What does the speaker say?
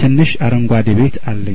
ትንሽ አረንጓዴ ቤት አለኝ